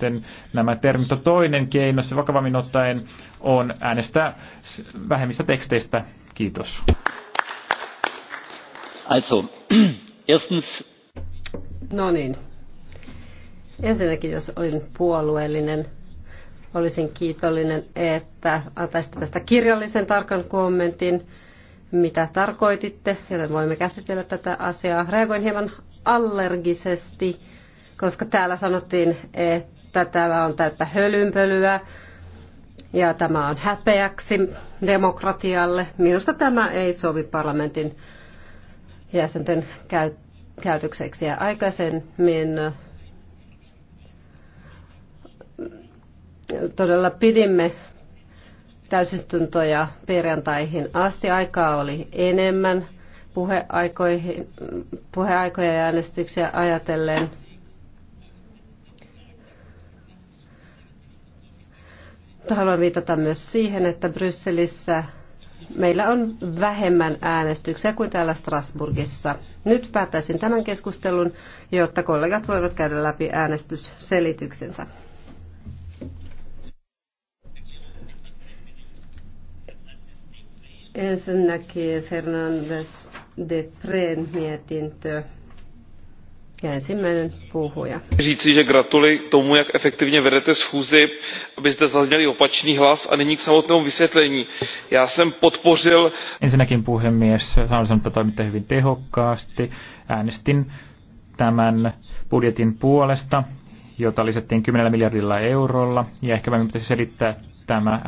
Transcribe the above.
sitten nämä termit. On toinen keino, se vakavammin ottaen, on äänestää vähemmistä teksteistä. Kiitos. Also, erstens... No niin. Ensinnäkin, jos olin puolueellinen, olisin kiitollinen, että antaisitte tästä kirjallisen tarkan kommentin, mitä tarkoititte, joten voimme käsitellä tätä asiaa. Reagoin hieman allergisesti, koska täällä sanottiin, että Tätä on täyttä hölynpölyä ja tämä on häpeäksi demokratialle. Minusta tämä ei sovi parlamentin jäsenten käytökseksi. Ja aikaisemmin mm, todella pidimme täysistuntoja perjantaihin asti. Aikaa oli enemmän puheaikoihin, mm, puheaikoja ja äänestyksiä ajatellen – Mutta haluan viitata myös siihen, että Brysselissä meillä on vähemmän äänestyksiä kuin täällä Strasburgissa. Nyt päättäisin tämän keskustelun, jotta kollegat voivat käydä läpi äänestysselityksensä. Ensinnäkin Fernandes de Preen mietintö chci Říci, že gratuluji k tomu, jak efektivně vedete schůzi, aby zde zazněl i opačný hlas a nyní k samotnému vysvětlení. Já jsem podpořil... Ensinnäkin puhemies sanoisin, että toimitte hyvin tehokkaasti. Äänestin tämän budjetin puolesta, jota lisättiin 10 miljardilla eurolla. Ja ehkä me pitäisi selittää tämä